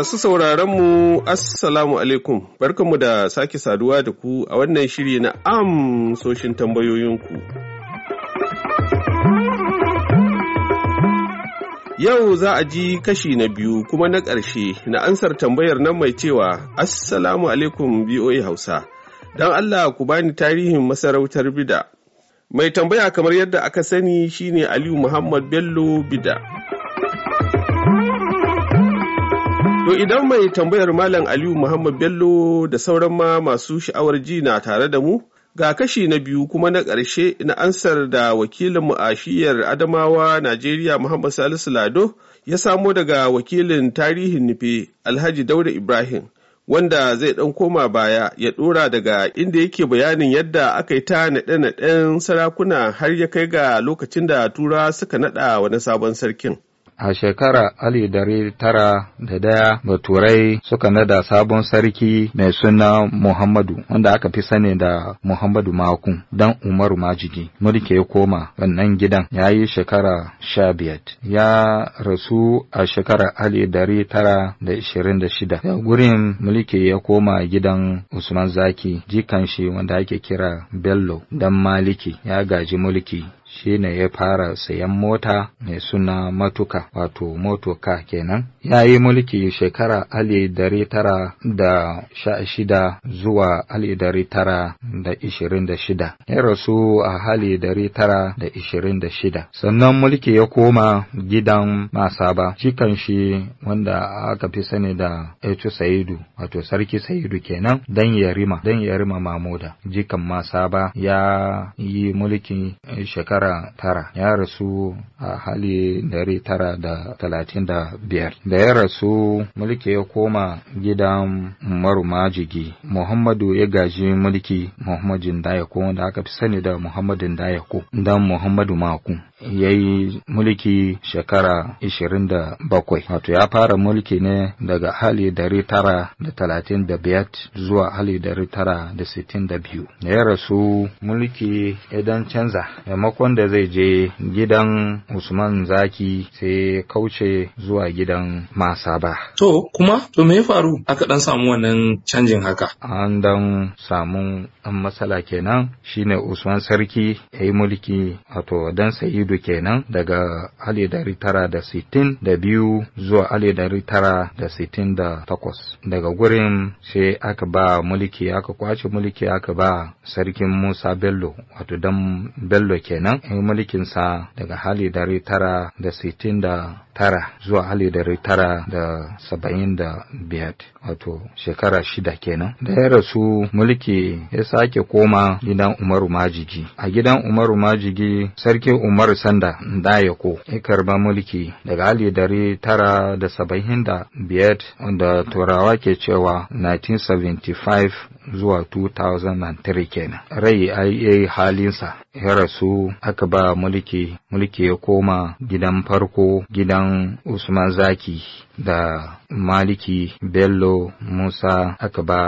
Masu mu Assalamu alaikum, barkanmu da sake saduwa da ku a wannan shiri na amsoshin tambayoyinku. Yau za a ji kashi na biyu kuma na ƙarshe na ansar tambayar nan mai cewa Assalamu alaikum BOA Hausa, don Allah ku bani tarihin masarautar Bida. Mai tambaya kamar yadda aka sani shine Aliyu Muhammad Bello Bida. To idan mai tambayar Malam Aliyu Muhammad Bello da sauran ma masu sha'awar ji na tare da mu ga kashi na biyu kuma na ƙarshe na ansar da wakilin mu a shiyar Adamawa Najeriya Muhammad Salisu Lado ya samo daga wakilin tarihin nufe Alhaji Daura Ibrahim wanda zai ɗan koma baya ya ɗora daga inda yake bayanin yadda aka yi ta naɗe-naɗen sarakuna har ya kai ga lokacin da tura suka naɗa wani sabon sarkin. a shekara ali dari tara da daya baturai suka nada sabon sarki mai suna muhammadu wanda aka fi sani da muhammadu makun dan umaru majigi mulki ya koma wannan gidan ya yi shekara sha biyar ya rasu a shekara ali dari tara da ishirin da shida gurin mulki ya koma gidan usman zaki jikan shi wanda ake kira bello dan maliki ya gaji mulki Shi ne ya fara sayan mota mai suna matuka wato motoka kenan ya yi mulki shekara ali dari tara da sha shida zuwa ali dari tara da ishirin da shida ya rasu a hali dari tara da ishirin da shida sannan mulki ya koma gidan masaba cikan shi wanda aka fi sani da etu saidu wato sarki saidu kenan dan yarima dan yarima mamuda jikan masaba ya yi mulki shekara shekara tara ya rasu a hali dari tara da talatin da biyar da ya rasu mulki ya koma gidan marmajigi muhammadu ya gaji mulki muhammadin dayako wanda aka fi sani da muhammadin dayako dan muhammadu maku ya yi mulki shekara bakwai. wato ya fara mulki ne daga hali dari tara da talatin da biyat zuwa hali dari tara da sittin da biyu ya rasu mulki idan canza maimakon da zai je gidan usman zaki sai kauce zuwa gidan masa ba to kuma to me ya faru aka dan samu wannan canjin haka an dan samu an matsala kenan shine usman sarki ya yi mulki wato dan sayi hudu kenan daga ali dari tara da sittin da biyu zuwa ali dari tara da sittin da takwas daga gurin sai aka ba mulki aka kwace mulki aka ba sarkin Musa Bello wato dan Bello kenan yi mulkinsa daga hali dari tara da sittin da tara zuwa hali dari tara da saba'in da biyar wato shekara shida kenan da ya rasu mulki ya sake koma gidan Umaru Majigi a gidan Umaru Majigi sarkin Umar sanda da ya ko. karba mulki daga ali dari tara da saba'in da biyar da turawa ke cewa 1975 zuwa 2003 kenan rai a yi halinsa ya rasu aka ba mulki mulki ya koma gidan farko gidan usman zaki da maliki bello musa aka ba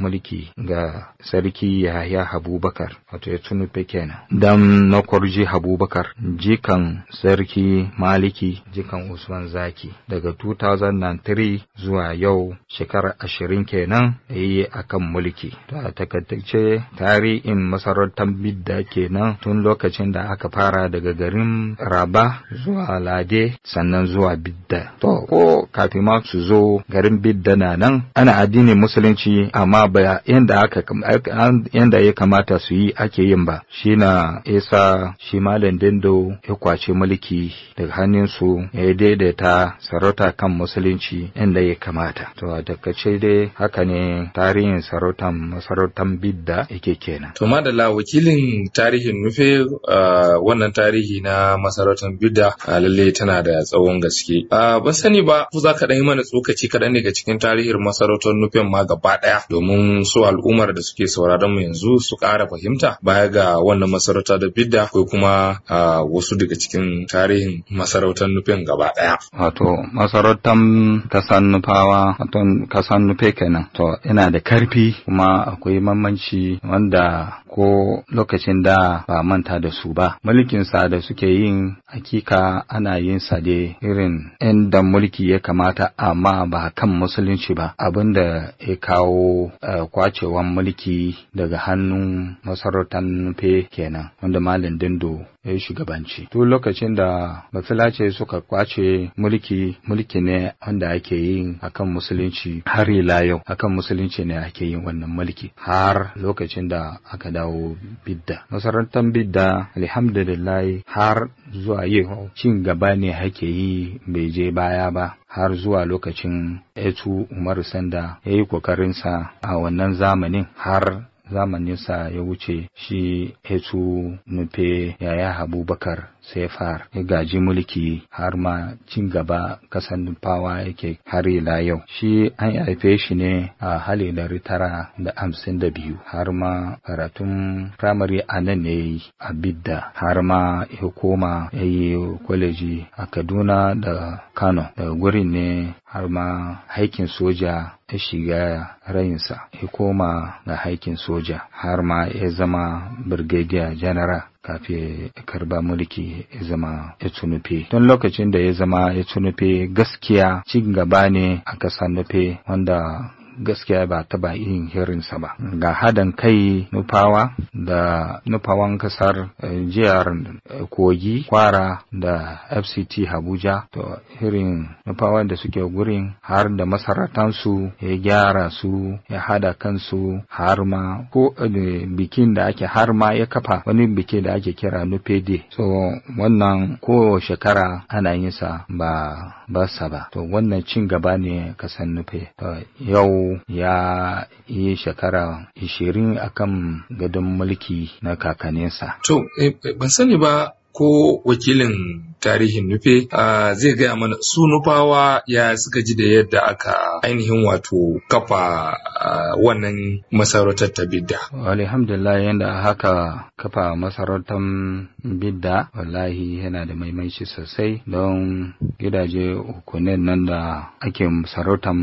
mulki ga sarki yahya abubakar. wato ya tunufe kenan dan na kwarji habubakar jikan sarki maliki jikan usman zaki daga 2003 zuwa yau shekara ashirin kenan da yi a kan mulki ta takaitace tarihin masarautar bidda kenan tun lokacin da aka fara daga garin raba zuwa lade sannan zuwa bidda to ko kafin ma su zo garin bidda na nan ana addinin musulunci amma ba yanda ya kamata su yi ake yin ba shi na isa shi malam dindo ya kwace mulki daga hannun su ya daidaita sarauta kan musulunci inda ya kamata to a takaice dai haka ne tarihin sarautan masarautan bidda yake kenan to madalla wakilin tarihin nufe wannan tarihi na masarautan bidda a lalle tana da tsawon gaske ban sani ba ku za ka ɗan yi mana tsokaci kaɗan daga cikin tarihin masarautar nufin ma gaba ɗaya domin su al'ummar da suke sauraron mu yanzu su ƙara fahimta baya ga wannan masarauta da bidda ko kuma wasu daga cikin tarihin masarautar nufin gaba ɗaya. Wato masarautar kasan nufawa wato kasan nufe kenan. To ina da karfi kuma akwai mamanci wanda ko lokacin da ba manta da su ba mulkinsa da suke yin hakika ana yin sa da irin inda mulki ya kamata amma ba kan musulunci ba abin da ya kawo eh, kwacewan mulki daga hannun masarautar nufe kenan wanda malin dindo ya shugabanci. Tun lokacin da masulace suka kwace mulki, mulki ne wanda ake yin akan musulunci har ila yau, akan musulunci ne ake yin wannan mulki har lokacin da aka da. dawo bidda masarautar bidda alhamdulillah har zuwa yau cin gaba ne hake yi bai je baya ba har zuwa lokacin etu umaru sanda ya yi kokarinsa a wannan zamanin har zamaninsa ya wuce shi etu nufe yaya abubakar Sai far ya gaji mulki har ma cin gaba kasan fawa yake har ila yau shi an haife shi ne a hali dari tara da hamsin da biyu har ma karatun firamare a nan ne a bidda har ma ya koma ya yi kwaleji a kaduna da kano da gurin ne har ma haikin soja ya shiga rayinsa ya koma ga haikin soja har ma ya zama Birgediya janara kafin karba mulki ya zama ya tunufe don lokacin da ya zama ya tunufe gaskiya cin gaba ne a kasa nufe wanda gaskiya ba ta ba irin hirinsa ba ga hadan kai nufawa da nufawan kasar eh, jihar eh, kogi kwara da fct abuja to hirin nufawan da suke gurin har da masaratansu ya gyara su ya hada kansu har ma ko eh, bikin da ake har ma ya kafa wani biki da ake kira nupe-de so wannan ko shekara ana yin sa ba ba sa ba to wannan cin gaba ne kasan nufe yau ya yi shekara ishirin a kan gadon mulki na kakaninsa. To, eh, eh, ban sani ba ko wakilin tarihin nufe ah, zai gaya mana su nufawa ya suka ji da yadda aka ainihin wato kafa ah, wannan masarautar ta bidda. alhamdulillah yadda haka kafa masarautar bidda wallahi yana da maimaci sosai don gidaje hukunin nan da ake sarautar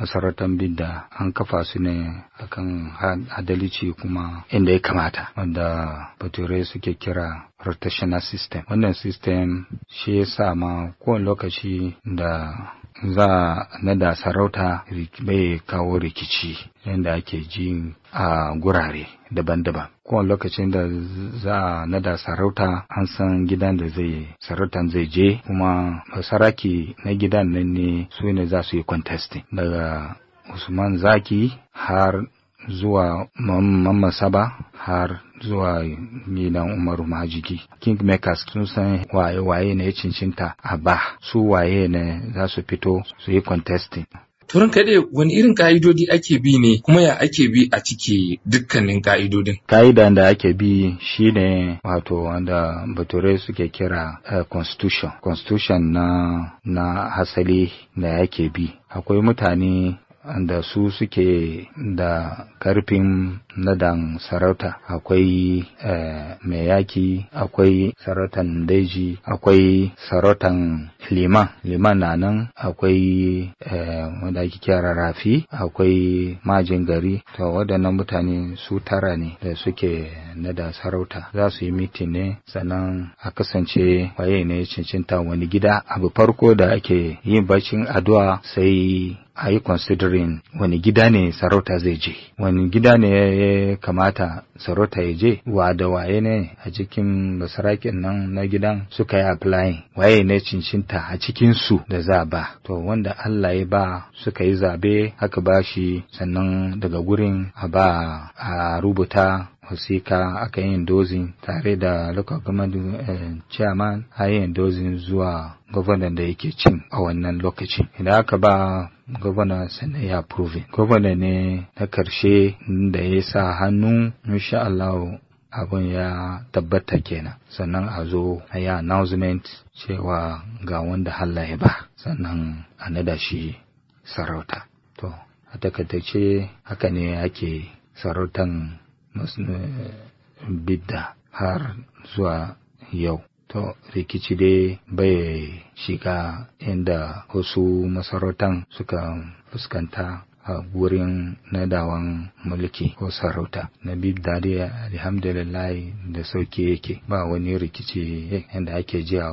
masarautar bidda an kafa su ne akan adalci kuma inda ya kamata wanda bature suke kira rotational system wannan system shi ya sa ma kowane lokaci da za na da sarauta bai kawo rikici yadda ake ji a gurare daban-daban kuma lokacin da za a nada sarauta an san gidan da zai sarautan zai je kuma saraki na gidan nan ne su ne za su yi contesting daga usman zaki har zuwa mamman saba har zuwa gidan umaru majigi kingmakers sun san waye-waye ne ya cincinta a ba su waye ne za su fito su yi contesting turin kaɗai wani irin ka'idodi ake bi ne kuma ya ake bi a ciki dukkanin ka'idodin Ka'ida da ake bi shine wato wanda bature suke kira uh, constitution constitution na na hasali da yake bi akwai mutane da su suke da karfin nadan sarauta akwai eh, mai yaki akwai sarautan daji akwai sarautan liman liman na nan akwai eh, wanda ake kira rafi akwai majin gari to waɗannan mutane su tara ne da suke nada sarauta za su yi mitin ne sannan a kasance waye ne cincinta wani gida abu farko da ake yin bacin addu'a sai a yi considering wani gida ne sarauta zai je wani gida ne ya kamata sarauta ya je wa da waye ne a cikin basarakin nan na gidan suka yi applying waye ne cincinta a cikin su da za ba to wanda Allah ya ba suka yi zabe haka ba shi sannan daga gurin a ba a rubuta wasika aka yin dozin tare da local government eh, chairman a yi dozin zuwa gwamnan da yake cin a wannan lokacin idan aka ba gwamna sannan ya approve gwamna ne na ƙarshe da ya sa hannu insha Allah abin ya tabbata kenan sannan a zo a yi announcement cewa ga wanda Allah ya ba sannan a nada shi sarauta to a takaitace haka ne ake sarautan eh, bidda har zuwa yau to rikici dai bai shiga inda wasu masarautan suka fuskanta a gurin nadawan mulki ko sarauta na dadi alhamdulillah da sauki yake ba wani rikici yadda ake ji a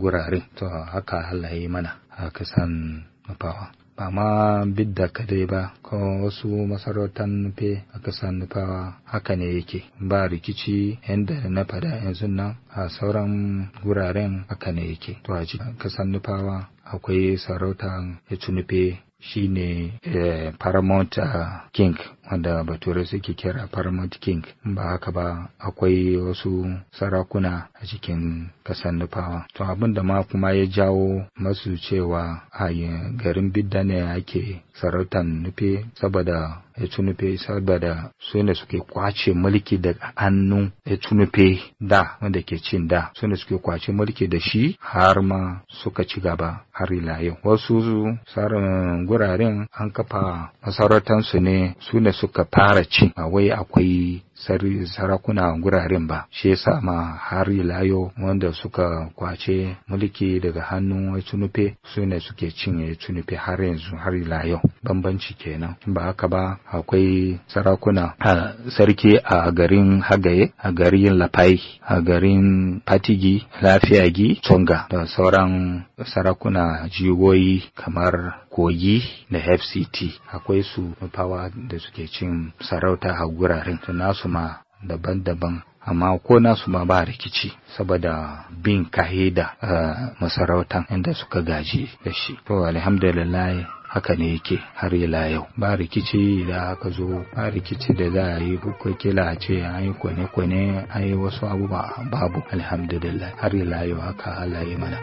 gurare to haka Allah yi mana a kasan mafawa ba ma bidda kadai ba ko wasu masarautan nufe a kasan nufawa haka ne yake ba rikici yadda na fada yanzu nan a sauran guraren haka ne yake to a kasar nufawa akwai sarautan ya nufe shine eh, paramount ah, king wanda bature suke kira paramount king ba haka ba akwai wasu sarakuna a cikin kasar nufawa to abin da ma kuma ya jawo masu cewa a garin bidda ne ake sarautan nufe saboda tunufe saboda su ne suke kwace mulki da hannun tunufe da wanda ke cin da su ne suke kwace mulki da shi har ma suka ci gaba har ila yau wasu tsarin guraren an kafa masarautansu ne su ne suka fara A wai akwai sarakuna guraren ba shi yasa ma har layo wanda suka kwace mulki daga hannun wai tunufe su ne suke cinye tunufe har yanzu har layo bambanci kenan ba haka ba akwai sarakuna a sarki a garin hagaye a garin lafai a garin fatigi lafiyagi tsonga da sauran sarakuna jigoyi kamar kogi da fct akwai su mafawa da suke cin sarauta a guraren nasu ma daban-daban amma ko nasu ma ba rikici saboda bin a eh, masarautan inda suka gaji da shi to alhamdulillah haka ne yake har ila yau ba rikici da aka zo ba rikici da za a yi ko kila a ce an yi kwane-kwane an yi wasu abubuwa babu alhamdulillah har ila yau haka Allah ya mana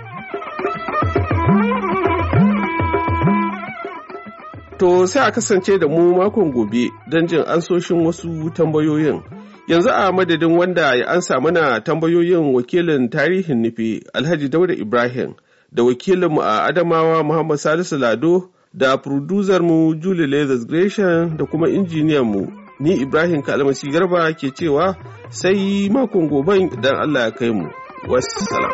To sai a kasance da mu makon gobe don jin ansoshin wasu tambayoyin. Yanzu a madadin wanda ya ansa mana tambayoyin wakilin tarihin nufi Alhaji Dauda Ibrahim da wakilinmu a Adamawa Muhammad Salisu Lado da mu Julie Leathers Gresham da kuma mu ni Ibrahim Kalmasi Garba ke cewa sai makon goben idan Allah ya kai mu. Wassalam.